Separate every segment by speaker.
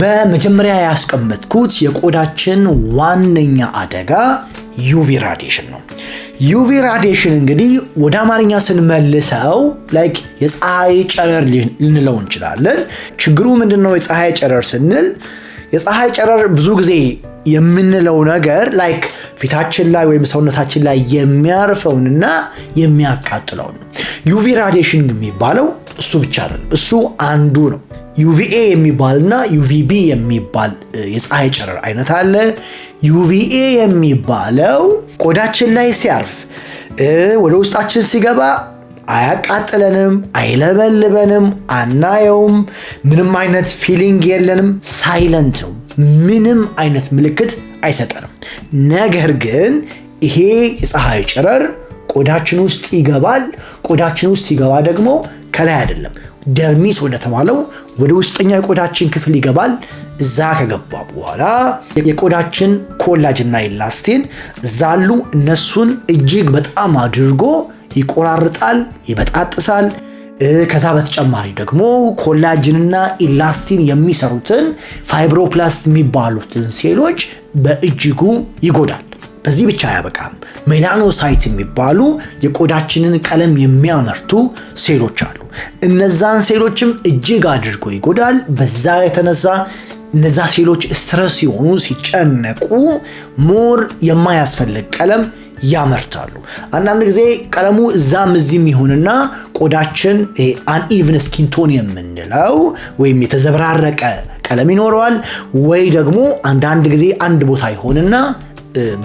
Speaker 1: በመጀመሪያ ያስቀመጥኩት የቆዳችን ዋነኛ አደጋ ዩቪ ራዲሽን ነው። ዩቪ ራዲሽን እንግዲህ ወደ አማርኛ ስንመልሰው ላይክ የፀሐይ ጨረር ልንለው እንችላለን። ችግሩ ምንድን ነው? የፀሐይ ጨረር ስንል የፀሐይ ጨረር ብዙ ጊዜ የምንለው ነገር ላይክ ፊታችን ላይ ወይም ሰውነታችን ላይ የሚያርፈውንና የሚያቃጥለውን ዩቪ ራዲሽን የሚባለው እሱ ብቻ አይደለም። እሱ አንዱ ነው። ዩቪኤ የሚባልና ዩቪቢ የሚባል የፀሐይ ጨረር አይነት አለ። ዩቪኤ የሚባለው ቆዳችን ላይ ሲያርፍ ወደ ውስጣችን ሲገባ አያቃጥለንም፣ አይለበልበንም፣ አናየውም፣ ምንም አይነት ፊሊንግ የለንም፣ ሳይለንት ነው። ምንም አይነት ምልክት አይሰጠንም። ነገር ግን ይሄ የፀሐይ ጨረር ቆዳችን ውስጥ ይገባል። ቆዳችን ውስጥ ሲገባ ደግሞ ከላይ አይደለም ደርሚስ ወደተባለው ወደ ውስጠኛው የቆዳችን ክፍል ይገባል። እዛ ከገባ በኋላ የቆዳችን ኮላጅና ኢላስቲን እዛሉ እነሱን እጅግ በጣም አድርጎ ይቆራርጣል፣ ይበጣጥሳል። ከዛ በተጨማሪ ደግሞ ኮላጅንና ኢላስቲን የሚሰሩትን ፋይብሮፕላስት የሚባሉትን ሴሎች በእጅጉ ይጎዳል። በዚህ ብቻ አያበቃም። ሜላኖሳይት የሚባሉ የቆዳችንን ቀለም የሚያመርቱ ሴሎች አሉ። እነዛን ሴሎችም እጅግ አድርጎ ይጎዳል። በዛ የተነሳ እነዛ ሴሎች ስትረስ ሲሆኑ፣ ሲጨነቁ ሞር የማያስፈልግ ቀለም ያመርታሉ። አንዳንድ ጊዜ ቀለሙ እዛም እዚህም ይሁንና ቆዳችን አንኢቭን ስኪንቶን የምንለው ወይም የተዘበራረቀ ቀለም ይኖረዋል ወይ ደግሞ አንዳንድ ጊዜ አንድ ቦታ ይሆንና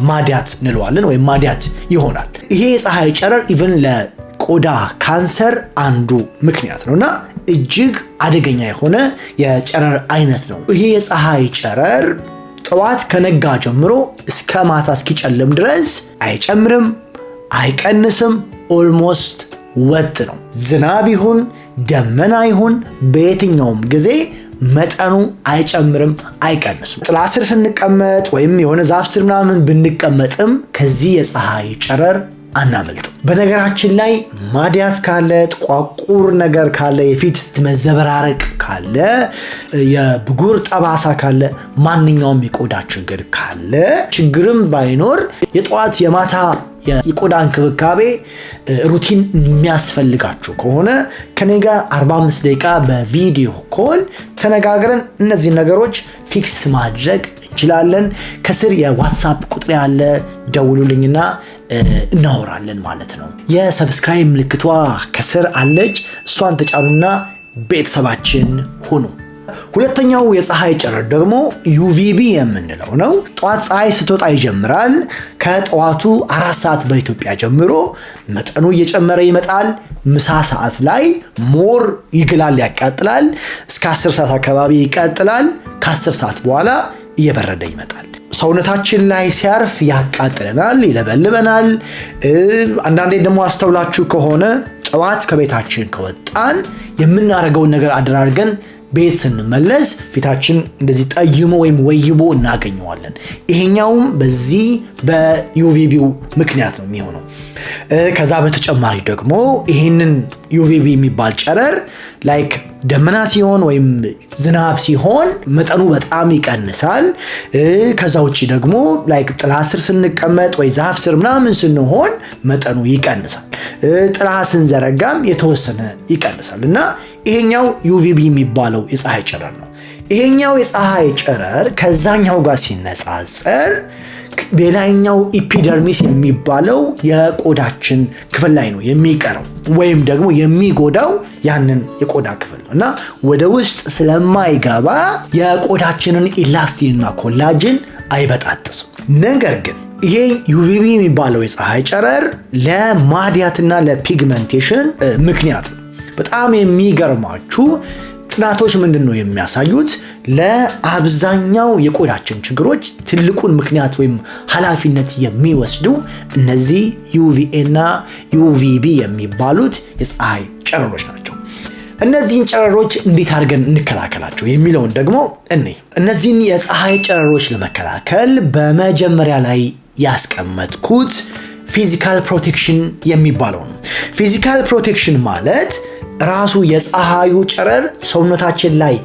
Speaker 1: ማዲያት እንለዋለን ወይም ማዲያት ይሆናል። ይሄ የፀሐይ ጨረር ኢቨን ለቆዳ ካንሰር አንዱ ምክንያት ነው እና እጅግ አደገኛ የሆነ የጨረር አይነት ነው። ይሄ የፀሐይ ጨረር ጠዋት ከነጋ ጀምሮ እስከ ማታ እስኪጨልም ድረስ አይጨምርም፣ አይቀንስም። ኦልሞስት ወጥ ነው። ዝናብ ይሁን ደመና ይሁን በየትኛውም ጊዜ መጠኑ አይጨምርም አይቀንስም። ጥላ ስር ስንቀመጥ ወይም የሆነ ዛፍ ስር ምናምን ብንቀመጥም ከዚህ የፀሐይ ጨረር አናመልጥም። በነገራችን ላይ ማዲያት ካለ ጥቋቁር ነገር ካለ የፊት መዘበራረቅ ካለ የብጉር ጠባሳ ካለ ማንኛውም የቆዳ ችግር ካለ ችግርም ባይኖር የጠዋት የማታ የቆዳ እንክብካቤ ሩቲን የሚያስፈልጋችሁ ከሆነ ከኔ ጋር 45 ደቂቃ በቪዲዮ ኮል ተነጋግረን እነዚህ ነገሮች ፊክስ ማድረግ እንችላለን። ከስር የዋትሳፕ ቁጥር ያለ ደውሉልኝና እናወራለን ማለት ነው። የሰብስክራይብ ምልክቷ ከስር አለች። እሷን ተጫኑና ቤተሰባችን ሁኑ። ሁለተኛው የፀሐይ ጨረር ደግሞ ዩቪቢ የምንለው ነው። ጠዋት ፀሐይ ስትወጣ ይጀምራል። ከጠዋቱ አራት ሰዓት በኢትዮጵያ ጀምሮ መጠኑ እየጨመረ ይመጣል። ምሳ ሰዓት ላይ ሞር ይግላል፣ ያቃጥላል። እስከ 10 ሰዓት አካባቢ ይቀጥላል። ከ10 ሰዓት በኋላ እየበረደ ይመጣል። ሰውነታችን ላይ ሲያርፍ ያቃጥለናል፣ ይለበልበናል። አንዳንዴ ደግሞ አስተውላችሁ ከሆነ ጠዋት ከቤታችን ከወጣን የምናደርገውን ነገር አደራርገን ቤት ስንመለስ ፊታችን እንደዚህ ጠይሞ ወይም ወይቦ እናገኘዋለን። ይሄኛውም በዚህ በዩቪቢው ምክንያት ነው የሚሆነው። ከዛ በተጨማሪ ደግሞ ይሄንን ዩቪቢ የሚባል ጨረር ላይክ ደመና ሲሆን ወይም ዝናብ ሲሆን መጠኑ በጣም ይቀንሳል። ከዛ ውጭ ደግሞ ላይክ ጥላ ስር ስንቀመጥ ወይ ዛፍ ስር ምናምን ስንሆን መጠኑ ይቀንሳል። ጥላ ስንዘረጋም የተወሰነ ይቀንሳል እና ይሄኛው ዩቪቢ የሚባለው የፀሐይ ጨረር ነው። ይሄኛው የፀሐይ ጨረር ከዛኛው ጋር ሲነጻጸር በላይኛው ኢፒደርሚስ የሚባለው የቆዳችን ክፍል ላይ ነው የሚቀረው ወይም ደግሞ የሚጎዳው ያንን የቆዳ ክፍል ነው እና ወደ ውስጥ ስለማይገባ የቆዳችንን ኢላስቲንና ኮላጅን አይበጣጥስም። ነገር ግን ይሄ ዩቪቢ የሚባለው የፀሐይ ጨረር ለማድያትና ለፒግመንቴሽን ምክንያት በጣም የሚገርማችሁ ጥናቶች ምንድን ነው የሚያሳዩት? ለአብዛኛው የቆዳችን ችግሮች ትልቁን ምክንያት ወይም ኃላፊነት የሚወስዱ እነዚህ ዩቪኤ እና ዩቪቢ የሚባሉት የፀሐይ ጨረሮች ናቸው። እነዚህን ጨረሮች እንዴት አድርገን እንከላከላቸው የሚለውን ደግሞ እኔ እነዚህን የፀሐይ ጨረሮች ለመከላከል በመጀመሪያ ላይ ያስቀመጥኩት ፊዚካል ፕሮቴክሽን የሚባለው ነው። ፊዚካል ፕሮቴክሽን ማለት ራሱ የፀሐዩ ጨረር ሰውነታችን ላይ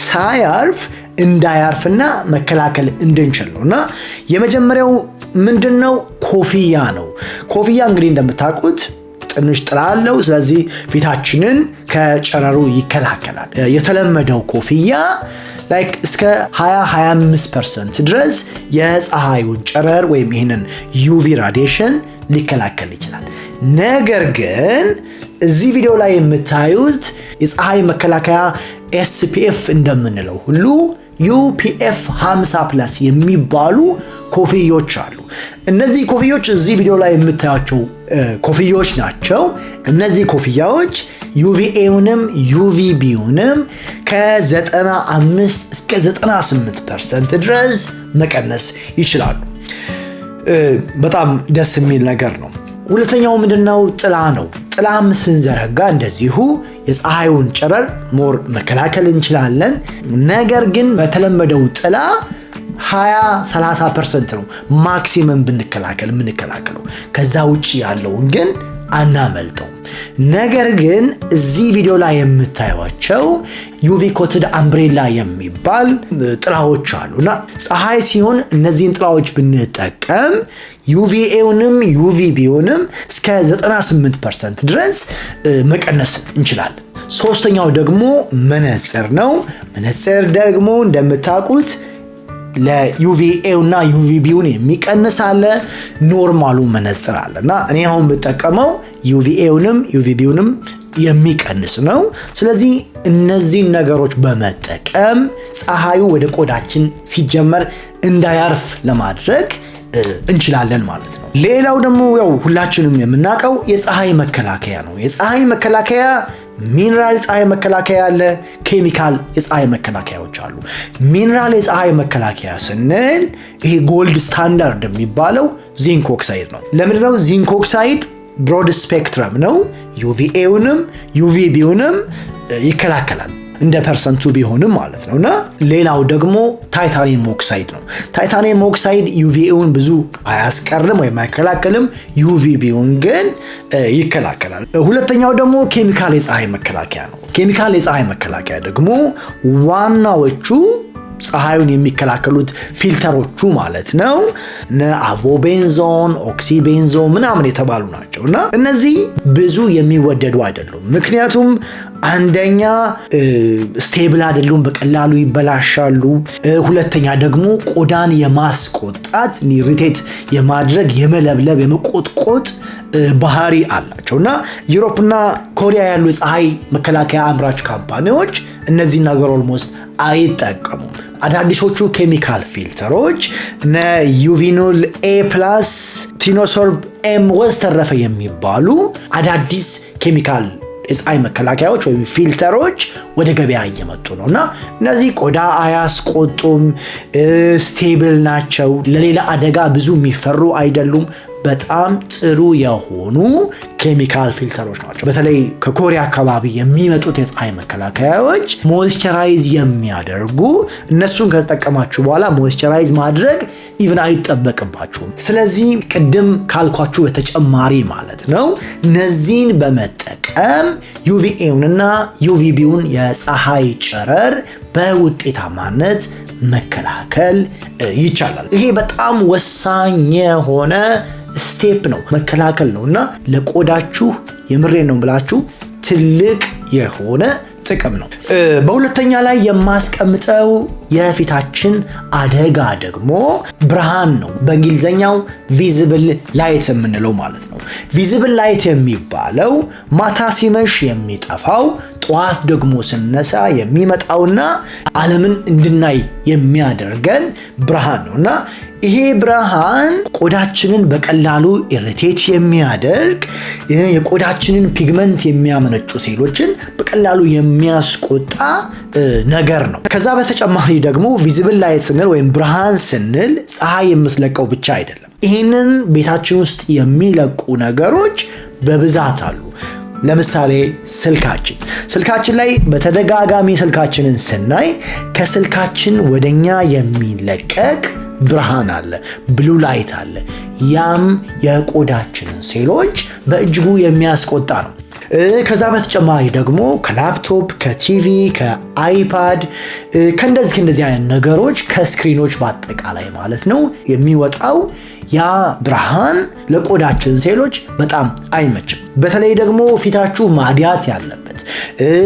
Speaker 1: ሳያርፍ እንዳያርፍና መከላከል እንድንችል ነው። እና የመጀመሪያው ምንድን ነው? ኮፍያ ነው። ኮፍያ እንግዲህ እንደምታውቁት ትንሽ ጥላ አለው። ስለዚህ ፊታችንን ከጨረሩ ይከላከላል። የተለመደው ኮፍያ ላይክ እስከ 20-25 ፐርሰንት ድረስ የፀሐዩን ጨረር ወይም ይህንን ዩቪ ራዲሽን ሊከላከል ይችላል። ነገር ግን እዚህ ቪዲዮ ላይ የምታዩት የፀሐይ መከላከያ ኤስፒኤፍ እንደምንለው ሁሉ ዩፒኤፍ 50 ፕላስ የሚባሉ ኮፍዮች አሉ። እነዚህ ኮፍዮች እዚህ ቪዲዮ ላይ የምታያቸው ኮፍያዎች ናቸው። እነዚህ ኮፍያዎች ዩቪኤውንም ዩቪቢውንም ከ95 እስከ 98 ፐርሰንት ድረስ መቀነስ ይችላሉ። በጣም ደስ የሚል ነገር ነው። ሁለተኛው ምንድነው? ጥላ ነው። ጥላም ስንዘረጋ እንደዚሁ የፀሐዩን ጨረር ሞር መከላከል እንችላለን። ነገር ግን በተለመደው ጥላ 20 30 ፐርሰንት ነው ማክሲመም ብንከላከል የምንከላከለው። ከዛ ውጭ ያለውን ግን አናመልጠው። ነገር ግን እዚህ ቪዲዮ ላይ የምታዩቸው ዩቪ ኮትድ አምብሬላ የሚባል ጥላዎች አሉ እና ፀሐይ ሲሆን እነዚህን ጥላዎች ብንጠቀም ዩቪኤውንም ዩቪ ቢሆንም እስከ 98 ፐርሰንት ድረስ መቀነስ እንችላለን። ሶስተኛው ደግሞ መነፅር ነው። መነፅር ደግሞ እንደምታውቁት ለዩቪኤው እና ዩቪቢውን የሚቀንስ አለ፣ ኖርማሉ መነጽር አለ እና እኔ አሁን ብጠቀመው ዩቪኤውንም ዩቪቢውንም የሚቀንስ ነው። ስለዚህ እነዚህን ነገሮች በመጠቀም ፀሐዩ ወደ ቆዳችን ሲጀመር እንዳያርፍ ለማድረግ እንችላለን ማለት ነው። ሌላው ደግሞ ያው ሁላችንም የምናውቀው የፀሐይ መከላከያ ነው። የፀሐይ መከላከያ ሚኒራል የፀሐይ መከላከያ አለ፣ ኬሚካል የፀሐይ መከላከያዎች አሉ። ሚኒራል የፀሐይ መከላከያ ስንል ይሄ ጎልድ ስታንዳርድ የሚባለው ዚንክ ኦክሳይድ ነው። ለምንድነው ዚንክ ኦክሳይድ ብሮድ ስፔክትረም ነው። ዩቪኤውንም ዩቪቢውንም ይከላከላል። እንደ ፐርሰንቱ ቢሆንም ማለት ነው። እና ሌላው ደግሞ ታይታኒየም ኦክሳይድ ነው። ታይታኒየም ኦክሳይድ ዩቪኤውን ብዙ አያስቀርም ወይም አይከላከልም። ዩቪቢውን ግን ይከላከላል። ሁለተኛው ደግሞ ኬሚካል የፀሐይ መከላከያ ነው። ኬሚካል የፀሐይ መከላከያ ደግሞ ዋናዎቹ ፀሐዩን የሚከላከሉት ፊልተሮቹ ማለት ነው። እነ አቮቤንዞን፣ ኦክሲቤንዞ ምናምን የተባሉ ናቸው እና እነዚህ ብዙ የሚወደዱ አይደሉም። ምክንያቱም አንደኛ ስቴብል አይደሉም፣ በቀላሉ ይበላሻሉ። ሁለተኛ ደግሞ ቆዳን የማስቆጣት ኒሪቴት የማድረግ የመለብለብ፣ የመቆጥቆጥ ባህሪ አላቸው እና ዩሮፕና ኮሪያ ያሉ የፀሐይ መከላከያ አምራች ካምፓኒዎች እነዚህ ነገር ኦልሞስት አይጠቀሙም። አዳዲሶቹ ኬሚካል ፊልተሮች እነ ዩቪኖል ኤ ፕላስ፣ ቲኖሶርብ ኤም ወዘተረፈ የሚባሉ አዳዲስ ኬሚካል የፀሐይ መከላከያዎች ወይም ፊልተሮች ወደ ገበያ እየመጡ ነው እና እነዚህ ቆዳ አያስቆጡም፣ ስቴብል ናቸው፣ ለሌላ አደጋ ብዙ የሚፈሩ አይደሉም፣ በጣም ጥሩ የሆኑ ኬሚካል ፊልተሮች ናቸው። በተለይ ከኮሪያ አካባቢ የሚመጡት የፀሐይ መከላከያዎች ሞይስቸራይዝ የሚያደርጉ እነሱን ከተጠቀማችሁ በኋላ ሞይስቸራይዝ ማድረግ ኢቭን አይጠበቅባችሁም። ስለዚህ ቅድም ካልኳችሁ በተጨማሪ ማለት ነው እነዚህን በመጠቀም ዩቪኤውንና ዩቪቢውን የፀሐይ ጨረር በውጤታማነት መከላከል ይቻላል። ይሄ በጣም ወሳኝ የሆነ ስቴፕ ነው፣ መከላከል ነው እና ለቆዳችሁ የምሬ ነው ብላችሁ ትልቅ የሆነ ጥቅም ነው። በሁለተኛ ላይ የማስቀምጠው የፊታችን አደጋ ደግሞ ብርሃን ነው። በእንግሊዝኛው ቪዝብል ላይት የምንለው ማለት ነው። ቪዝብል ላይት የሚባለው ማታ ሲመሽ የሚጠፋው ጠዋት ደግሞ ስነሳ የሚመጣውና ዓለምን እንድናይ የሚያደርገን ብርሃን ነው እና ይሄ ብርሃን ቆዳችንን በቀላሉ ኢሪቴት የሚያደርግ የቆዳችንን ፒግመንት የሚያመነጩ ሴሎችን በቀላሉ የሚያስቆጣ ነገር ነው። ከዛ በተጨማሪ ደግሞ ቪዚብል ላይት ስንል ወይም ብርሃን ስንል ፀሐይ የምትለቀው ብቻ አይደለም። ይህንን ቤታችን ውስጥ የሚለቁ ነገሮች በብዛት አሉ። ለምሳሌ ስልካችን ስልካችን ላይ በተደጋጋሚ ስልካችንን ስናይ ከስልካችን ወደኛ የሚለቀቅ ብርሃን አለ፣ ብሉ ላይት አለ። ያም የቆዳችንን ሴሎች በእጅጉ የሚያስቆጣ ነው። ከዛ በተጨማሪ ደግሞ ከላፕቶፕ፣ ከቲቪ፣ ከአይፓድ ከእንደዚህ ከእንደዚህ አይነት ነገሮች ከስክሪኖች በአጠቃላይ ማለት ነው የሚወጣው ያ ብርሃን ለቆዳችን ሴሎች በጣም አይመችም። በተለይ ደግሞ ፊታችሁ ማዲያት ያለበት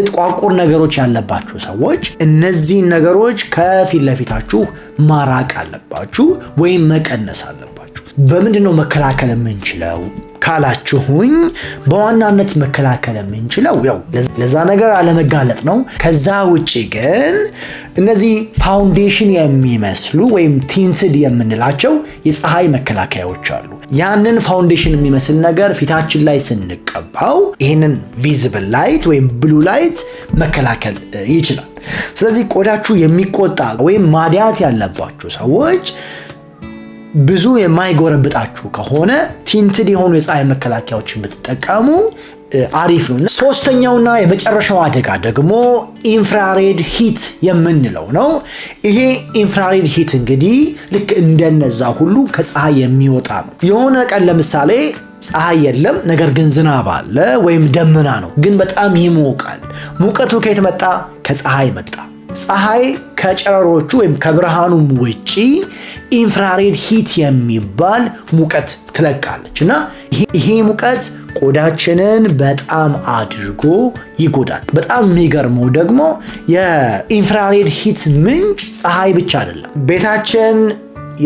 Speaker 1: ጥቋቁር ነገሮች ያለባችሁ ሰዎች እነዚህን ነገሮች ከፊት ለፊታችሁ ማራቅ አለባችሁ ወይም መቀነስ አለባችሁ። በምንድን ነው መከላከል የምንችለው ካላችሁኝ፣ በዋናነት መከላከል የምንችለው ያው ለዛ ነገር አለመጋለጥ ነው። ከዛ ውጭ ግን እነዚህ ፋውንዴሽን የሚመስሉ ወይም ቲንትድ የምንላቸው የፀሐይ መከላከያዎች አሉ። ያንን ፋውንዴሽን የሚመስል ነገር ፊታችን ላይ ስንቀባው ይህንን ቪዝብል ላይት ወይም ብሉ ላይት መከላከል ይችላል። ስለዚህ ቆዳችሁ የሚቆጣ ወይም ማዲያት ያለባችሁ ሰዎች ብዙ የማይጎረብጣችሁ ከሆነ ቲንትድ የሆኑ የፀሐይ መከላከያዎችን ብትጠቀሙ አሪፍ ነው። ሶስተኛውና የመጨረሻው አደጋ ደግሞ ኢንፍራሬድ ሂት የምንለው ነው። ይሄ ኢንፍራሬድ ሂት እንግዲህ ልክ እንደነዛ ሁሉ ከፀሐይ የሚወጣ ነው። የሆነ ቀን ለምሳሌ ፀሐይ የለም፣ ነገር ግን ዝናብ አለ ወይም ደመና ነው፣ ግን በጣም ይሞቃል። ሙቀቱ ከየት መጣ? ከፀሐይ መጣ። ፀሐይ ከጨረሮቹ ወይም ከብርሃኑም ውጪ ኢንፍራሬድ ሂት የሚባል ሙቀት ትለቃለች እና ይሄ ሙቀት ቆዳችንን በጣም አድርጎ ይጎዳል። በጣም የሚገርመው ደግሞ የኢንፍራሬድ ሂት ምንጭ ፀሐይ ብቻ አይደለም። ቤታችን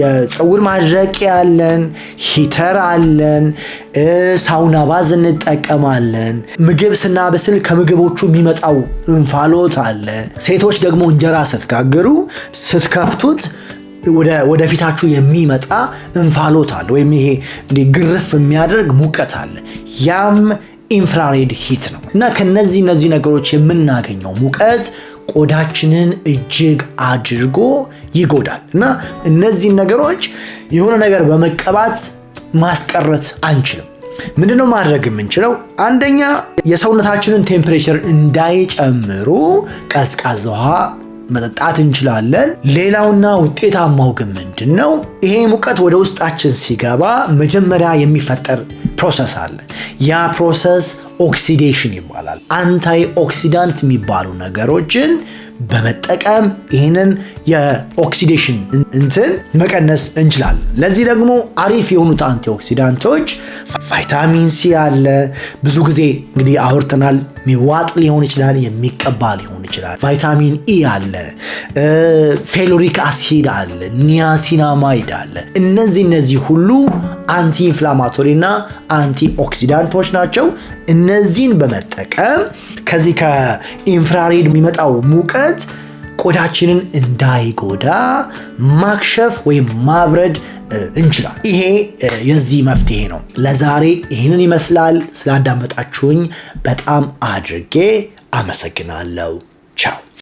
Speaker 1: የፀጉር ማድረቂያ አለን፣ ሂተር አለን፣ ሳውና ባዝ እንጠቀማለን። ምግብ ስናበስል ከምግቦቹ የሚመጣው እንፋሎት አለ። ሴቶች ደግሞ እንጀራ ስትጋግሩ ስትከፍቱት ወደፊታችሁ የሚመጣ እንፋሎት አለ፣ ወይም ይሄ እንዲህ ግርፍ የሚያደርግ ሙቀት አለ። ያም ኢንፍራሬድ ሂት ነው እና ከነዚህ እነዚህ ነገሮች የምናገኘው ሙቀት ቆዳችንን እጅግ አድርጎ ይጎዳል እና እነዚህን ነገሮች የሆነ ነገር በመቀባት ማስቀረት አንችልም። ምንድነው ማድረግ የምንችለው? አንደኛ የሰውነታችንን ቴምፕሬቸር እንዳይጨምሩ ቀዝቃዛ ውሃ መጠጣት እንችላለን። ሌላውና ውጤታማው ግን ምንድን ነው? ይሄ ሙቀት ወደ ውስጣችን ሲገባ መጀመሪያ የሚፈጠር ፕሮሰስ አለ። ያ ፕሮሰስ ኦክሲዴሽን ይባላል። አንታይ ኦክሲዳንት የሚባሉ ነገሮችን በመጠቀም ይህንን የኦክሲዴሽን እንትን መቀነስ እንችላለን። ለዚህ ደግሞ አሪፍ የሆኑት አንቲኦክሲዳንቶች ቫይታሚን ሲ አለ። ብዙ ጊዜ እንግዲህ አውርተናል። የሚዋጥ ሊሆን ይችላል፣ የሚቀባ ሊሆን ይችላል። ቫይታሚን ኢ አለ፣ ፌሎሪክ አሲድ አለ፣ ኒያሲናማይድ አለ። እነዚህ እነዚህ ሁሉ አንቲ ኢንፍላማቶሪ እና አንቲ ኦክሲዳንቶች ናቸው። እነዚህን በመጠቀም ከዚህ ከኢንፍራሬድ የሚመጣው ሙቀት ቆዳችንን እንዳይጎዳ ማክሸፍ ወይም ማብረድ እንችላል። ይሄ የዚህ መፍትሄ ነው። ለዛሬ ይህንን ይመስላል። ስላዳመጣችሁኝ በጣም አድርጌ አመሰግናለሁ። ቻው